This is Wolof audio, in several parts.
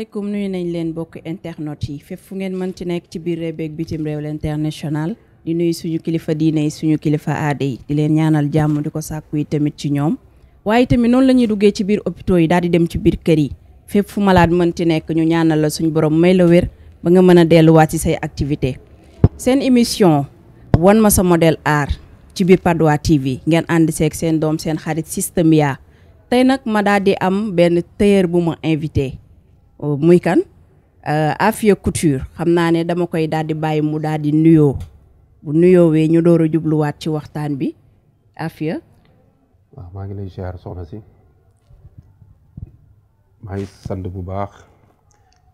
asalaamaaleykum nuyu nañ leen bokk internet yi fépp fu ngeen mën ci nekk ci biir réew beeg bitim réew l'international di nuyu suñu kilifa diine yi suñu kilifa aada yi di leen ñaanal jàmm di ko sàkku yi tamit ci ñoom waaye tamit noonu la ñuy duggee ci biir hôpitaux yi daal di dem ci biir kër yi fépp fu malade mën ci nekk ñu ñaanal la suñu borom may la wér ba nga mën a delluwaat ci say activité seen émission wan ma sa model art ci biir Padoa TV ngeen ànd seeg seen doom seen xarit système tey nag ma daal di am benn tailleur bu ma invité muy kan euh, Afia Couture xam naa ne dama koy daal di bàyyi mu daal di nuyoo bu nuyoo wee ñu door a jubluwaat ci waxtaan bi Afia. maa ngi lay ziar soxna si maa ngi sant bu baax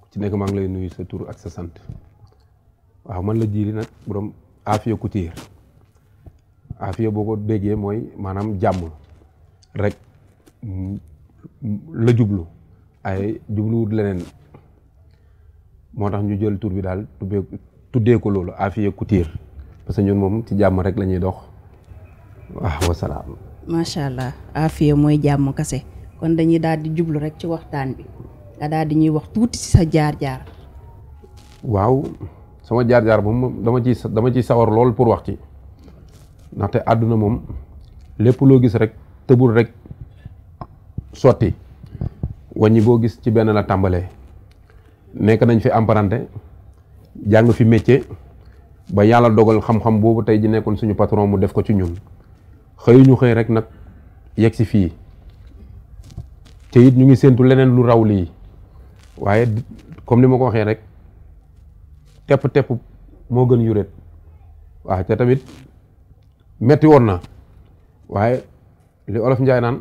ku ci nekk maa ngi lay nuyu sa tur ak sa sant waaw man la jiili nag borom Afia Couture Afia boo ko déggee mooy maanaam jàmm rek la jublu. ay jubluwut leneen moo tax ñu jël tur bi daal tuddee tuddee ko loolu Afia Couture parce que ñun moom ci jàmm rek lañuy dox waaw wasalaam. allah Afia mooy jàmm kase dañuy daal di jublu rek ci waxtaan bi daal di ñuy wax tuuti sa jaar-jaar. waaw sama jaar-jaar moom dama ci dama ciy sawar lool pour wax ci ndaxte àdduna moom lépp loo gis rek tëbul rek sotti. wàññi boo gis ci benn la tàmbalee nekk nañ fi apprenti jàng fi métier ba yàlla dogal xam-xam boobu tey ji nekkoon suñu patron mu def ko ci ñun xëyuñu xëy rek nag yegg si fii te it ñu ngi séentu leneen lu raw lii waaye comme ni ma ko waxee rek tepp tepp moo gën yuréet waaw te tamit metti woon na waaye li olof njaay naan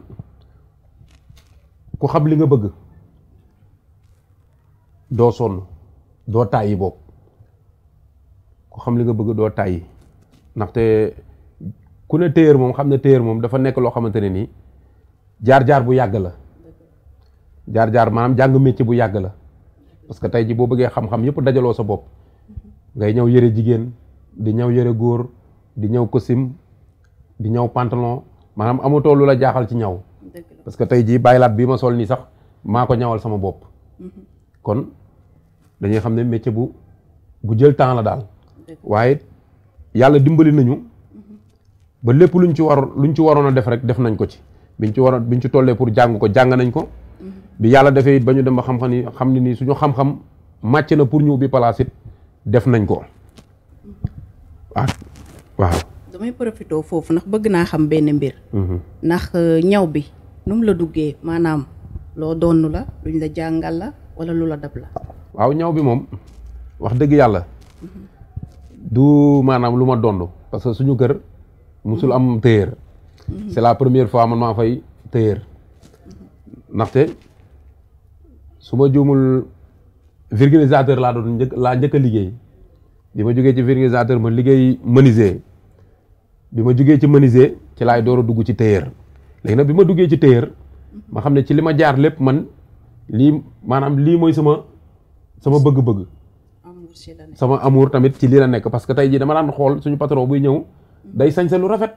ku xam li nga bëgg doo sonn doo tàyyi boobu ku xam li nga bëgg doo tàyyi ndaxte ku ne téyër moom xam ne téyër moom dafa nekk loo xamante ne nii jaar-jaar bu yàgg la jaar-jaar maanaam jàng métier bu yàgg la parce que tey ji boo bëggee xam-xam yëpp dajaloo sa bopp ngay ñëw yëre jigéen di ñëw yëre góor di ñëw kosim di ñëw pantalon maanaam amatoo lu la jaaxal ci ñaw parce que tey jii baylaat bii ma sol nii sax maa ko ñawal sama bopp. kon dañuy xam ne métier bu bu jël temps la daal. waaye yàlla dimbali nañu. ba lépp luñ ci war luñ ci waroon a def rek def nañ ko ci. biñ ci waroon biñ ci tollee pour jàng ko jàng nañ ko. bi yàlla defee ba ñu dem ba xam-xam ni xam ne nii suñu xam-xam màcc na pour ñu ubbi place def nañ ko. waaw waaw. damay profité foofu ndax bëgg naa xam benn mbir. Mhm. ndax euh, ñaw bi. nu la duggee maanaam loo doonnu la luñ la jàngal la wala lu la dab la waaw ñaw bi moom wax dëgg yàlla du maanaam lu ma donn parce que suñu kër musul am téyeer c'est la première fois man maa fay téyeer ndaxte su ma juumul virgilisateur laa doon njëkk laa njëkk a liggéey bi ma jógee ci virgilisateur ma liggéey menuisier bi ma jógee ci menuisier ci laay door a dugg ci téyeer léegi nag bi ma duggee ci téer ma xam ne ci li ma jaar lépp man lii maanaam lii mooy sama sama bëgg-bëgg sama amour tamit ci lii la nekk parce que tey jii dama daan xool suñu patron buy ñëw day sañse lu rafet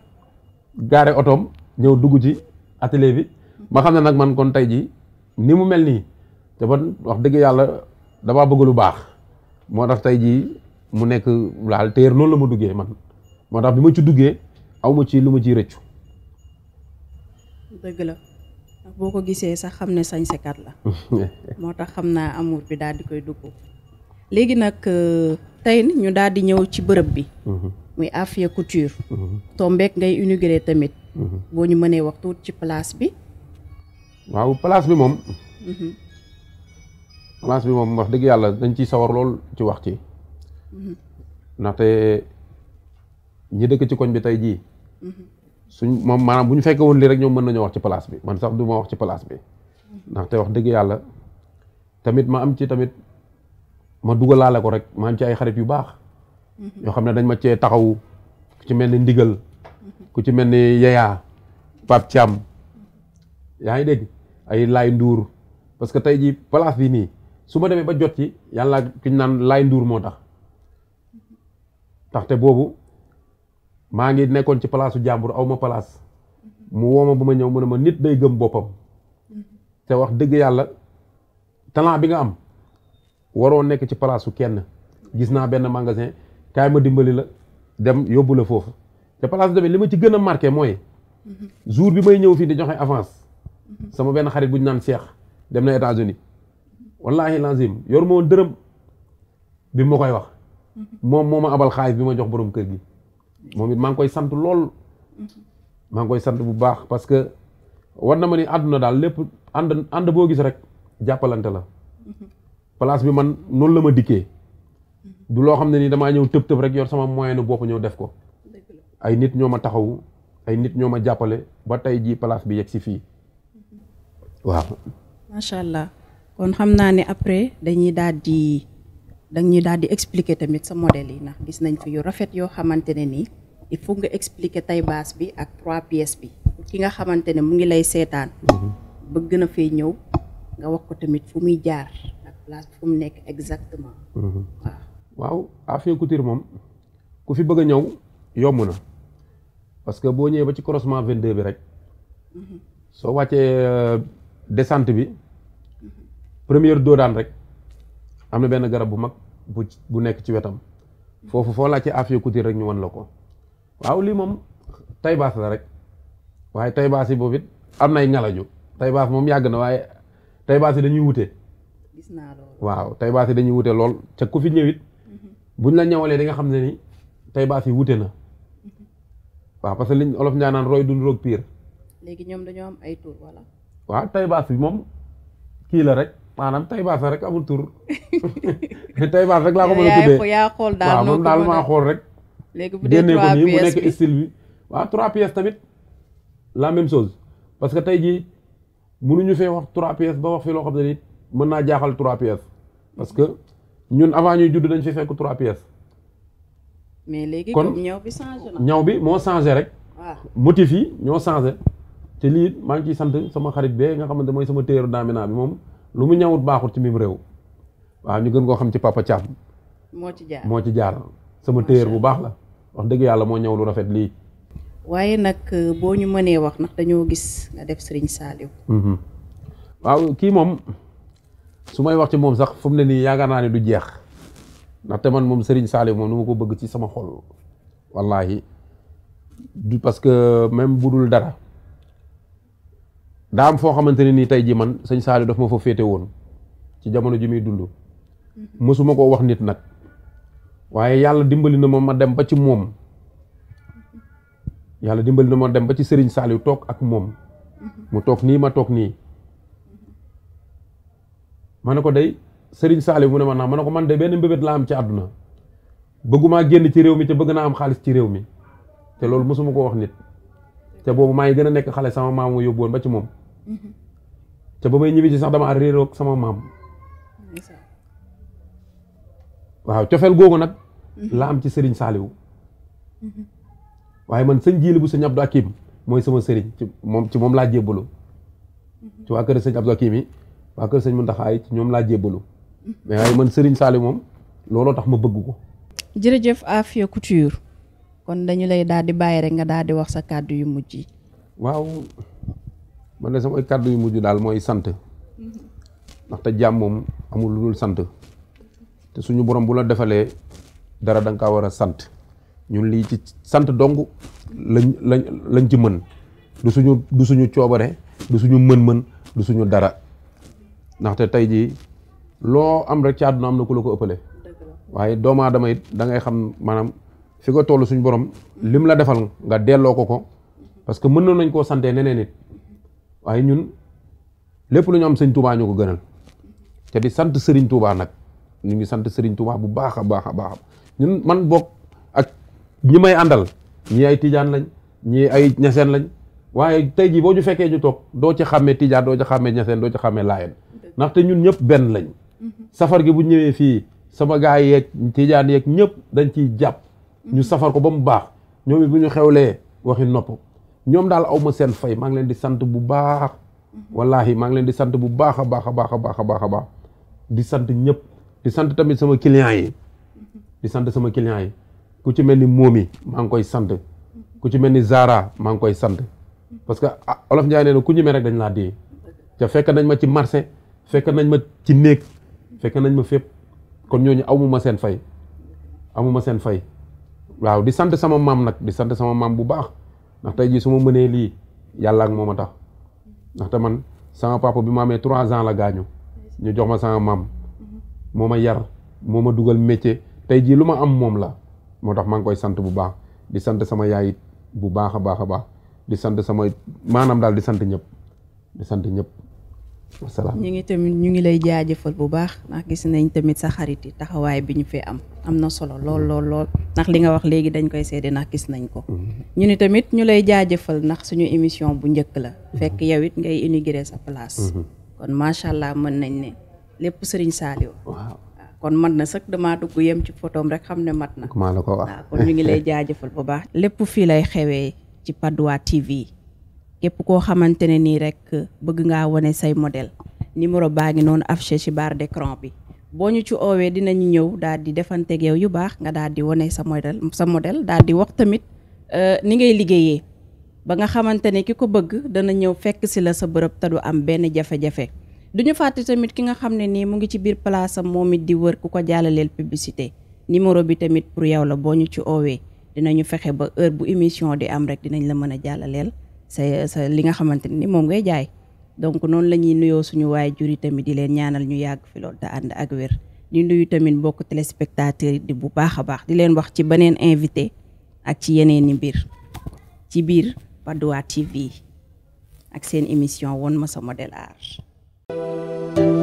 gaare otoom ñëw dugg ci atelier bi ma xam ne nag man kon tey jii ni mu mel nii te man wax dëgg yàlla damaa bëgg lu baax moo tax tey jii mu nekk laal loolu la ma duggee man moo tax bi ma ci duggee aw ma ci lu ma ciy rëccu dëgg la boo ko gisee sax xam ne sañsekat la moo tax xam naa amour bi daal di koy dugg léegi nag euh, tey ñu daal di ñëw ci bërëb bi mhm. muy Afia Couture mhm. tombeek ngay inauguré tamit mhm. boo ñu mënee wax tuuti ci place bi waaw place bi moom place bi moom wax dëgg yàlla dañ ci sawar lool ci wax ci ndaxte ñi dëkk ci koñ bi tey jii suñ moom maanaam bu ñu fekkee woon lii rek ñoom mën nañu wax ci place bi man sax du ma wax ci place bi ndaxte wax dëgg yàlla tamit ma am ci tamit ma laale ko rek ma am ci ay xarit yu baax. yoo xam ne dañ ma cee taxawu ku ci mel ni ndigal ku ci mel ni yeyaa Pape Thiam yaa ngi dégg ay Laay Nduur parce que tey jii place bi nii su ma demee ba jot ci yàlla ki naan Laay Nduur moo tax ndaxte boobu. maa ngi nekkoon ci palaasu jàmbur aw ma palaas mu woo ma ba ma ñëw mu ne ma nit day gëm boppam te wax dëgg yàlla talent bi nga am waroo nekk ci palaasu kenn gis naa benn magasin kaay ma dimbali la dem yóbbu la foofu te place bi li ma ci gën a marqué mooy jour bi may ñëw fii di joxe avance sama benn xarit bu ñu naan Cheikh dem na États-Unis wallaahi lazim yor ma woon dërëm bi ma koy wax moom moo ma abal xaalis bi ma jox borom kër gi. moom it maa ngi koy sant lool maa ngi koy sant bu baax parce que war na ma ni àdduna daal lépp ànd ànd boo gis rek jàppalante la place bi man noonu la ma dikkee du loo xam ne ni damaa ñëw tëb tëb rek yor sama moyen boo bopp ñëw def ko ay nit ñoo ma taxawu ay nit ñoo ma jàppale ba tey jii place bi yegg si fii mm-hmm. waaw. macha allah kon xam naa ne après dañuy daal di. danga ñu daal di expliquer tamit sa modèle yi ndax gis nañ fi yu rafet yoo xamante ne nii il faut nga expliquer taille basse bi ak trois pièces bi ki nga xamante ne mu ngi lay seetaan mhm. bëgg na fee ñëw nga wax ko tamit fu muy jaar ak place fu mu nekk exactement mhm. waaw waaw Afia Couture moom ku fi bëgg ñëw yomb na parce que boo ñëwee ba ci croisement 22 bi rek mhm. soo wàccee euh, descente bi première doodaan rek am na benn garab bu mag bu nekk ci wetam foofu foo laajte Afia Couture rek ñu wan la ko waaw lii moom taybaas la rek waaye taybaas yi boobu it am nay ngalaju taybaas moom yàgg na waaye taybaas yi dañuy wute. gis naa waaw taybaas yi dañuy wute lool ca ku fi ñëwit mhm. buñ la ñëwalee di nga xam ne ni taybaas yi wute na mhm. waaw parce que liñ olof njaanaan roy dul roog piir léegi ñoom am ay tur taybaas bi moom kii la rek. maanaam tay rek amul tur tay rek laa ko mën a tuddee yaa xool daal moom daal maa xool rek léegi bu dee génne ko nii mu nekk style bi waaw trois pièces tamit la même chose parce que tey jii mënuñu fee wax trois pièces ba wax fi loo xam ne nit mën naa jaaxal trois pièces parce que ñun avant ñuy judd dañ fi fekk trois pièces mais léegi kon ñaw bi ñaw bi moo changé rek waaw motif yi ñoo changé te lii maa ngi ciy sant sama xarit bee nga xamante mooy sama téeru daamina bi moom lu mu ñawut baaxul ci mim réew waaw ñu gën koo xam ci papa Thiam. moo ci jaar moo ci jaar sama téer bu baax la wax dëgg yàlla moo ñëw lu rafet lii. waaye nag euh, boo ñu mënee wax ndax dañoo gis nga def Serigne Saliou. Mhm. waaw kii moom su may wax ci moom sax fu mu ne nii yaakaar naa ne du jeex ndaxte man moom Serigne Saliou moom nu ma ko bëgg ci sama xol wallaahi du parce que même bu dul dara daa am foo xamante ne nii tey jii man sëñ Saliou daf ma fa féete woon ci jamono ji muy dund mësuma koo wax nit nag waaye yàlla dimbali na ma ma dem ba ci moom yàlla dimbali na ma dem ba ci Serigne Saliou toog ak moom mu toog nii ma toog nii ma ne ko day Serigne Saliou mu ne ma naa ma ne ko man de benn mbébét laa am ci àdduna bëggumaa génn ci réew mi te bëgg naa am xaalis ci réew mi te loolu mësuma koo wax nit te boobu maa ngi gën a nekk xale sama maam moo yóbbuwoon ba ci moom te ba may ñibbi ci sax dama ar réeroog sama maam waaw cofeel googu nag la am ci sëriñ saaliwu waaye man sëñ jiili bu sëñ Abdou Akim mooy sama sëriñ ci moom ci moom laa jébbalu ci waa kër sëñ Abdou Akim yi waa kër sëñ Muntaxa yi ci ñoom laa jébbalu mais waaye man sëriñ saaliwu moom looloo tax ma bëgg ko jërëjëf Afia Couture kon dañu lay daal di bàyyi rek nga daal di wax sa kàddu yu mujj yi. waaw man de samay kàddu yu mujj daal mooy sant ndaxte jàmm moom amul lu dul sant te suñu borom bu la defalee dara danga nga kaa war a sant ñun lii ci sant dong lañ lañ lañ ci mën du suñu du suñu coobare du suñu mën-mën du suñu dara ndaxte tey jii loo am rek ci àdduna am na ku la ko ëppale waaye doomu aadama it xam maanaam. fi ko toll suñ borom lim la defal nga delloo ko ko parce que mënoon nañ koo santee neneen nit waaye ñun lépp lu ñu am sëñ Touba ñu ko gënal te di sant sëriñ Touba nag ñu ngi sant sëriñ Touba bu baax a baax a baax ñun man bokk ak ñi may àndal ñi ay tijaan lañ ñii ay ñaseen lañ waaye tey jii boo ñu fekkee ñu toog doo ci xàmmee tijaan doo ci xàmmee ñaseen doo ci xame laayeen ndaxte ñun ñëpp benn lañ mm-hmm. safar gi bu ñëwee fii sama gaay yeeg tijaan yeeg ñëpp dañ ciy jàpp ñu safar ko ba mu baax ñoom it bu ñu xewlee waxi nopp ñoom daal awma seen fay maa ngi leen di sant bu baax wallahi maa ngi leen di sant bu baax a baax a baax a baax a baax a baax di sant ñëpp di sant tamit sama clients yi di sant sama clients yi ku ci mel ni Momi maa ngi koy sant ku ci mel ni Zara maa ngi koy sant parce que ah, Olof Ndiaye nee na ku ñemee rek dañ laa dee te fekk nañ ma ci marché fekk nañ ma ci néeg fekk nañ ma fépp kon ñooñu amuma seen fay amuma seen fay waaw di sant sama maam nag di sant sama maam bu baax ndax tey jii su ma mënee lii yàlla ak moom a tax ndaxte man sama papa bi ma amee trois ans la gaañu ñu jox ma sama maam moo ma yar moo ma dugal métier tey jii lu ma am moom la moo tax maa ngi koy sant bu baax di sant sama yaay bu baax a baax a baax di sant sama maanaam daal di sant ñëpp di sant ñëpp. salaam ñu ngi tamit ñu ngi lay jaajëfal bu baax ndax gis nañ tamit sa xarit yi taxawaay bi ñu fee am am na solo lool lool lool ndax li nga wax léegi dañ koy seede ndax gis nañ ko. Mm-hmm. ñu ni tamit ñu lay jaajëfal ndax suñu émission bu njëkk la. fekk yow it ngay inaugurer sa place. Mm-hmm. kon macha allah mën nañ ne lépp sëriñ Saliou. Ah, kon mat na sax damaa dugg yem ci photoom rek xam ne mat na. maa la ko wax ah, ñu ngi lay jaajëfal bu baax. lépp fii lay xewee ci Patte d'Oie TV. képp koo xamante ne nii rek bëgg ngaa wane say modèle numéro baa ngi noonu affiché ci barre d'écran bi boo ñu ci oowee dinañu ñëw daal di defanteeg yow yu baax nga daal di wane sa modèle sa modèle daal di wax tamit euh, ni ngay liggéeyee ba nga xamante ne ki ko bëgg dana ñëw fekk si la sa bërëb te du am benn jafe duñu fàtte tamit ki nga xam ne nii mu ngi ci biir place am moom di wër ku ko jàllaleel publicité numéro bi tamit pour yow la boo ñu ci oowee dinañu fexe ba heure bu émission di am rek dinañ la mën a jàllaleel sa li nga xamante ni moom ngay jaay donc noonu la ñuy nuyoo suñu waay yi tamit di leen ñaanal ñu yàgg fi loolu te ànd ak wér di nuyu tamit mbokk téléspectateurs yi di bu baax a baax di leen wax ci beneen invité ak ci yeneen i mbir ci biir Padoa TV ak seen émission won ma sa modèle art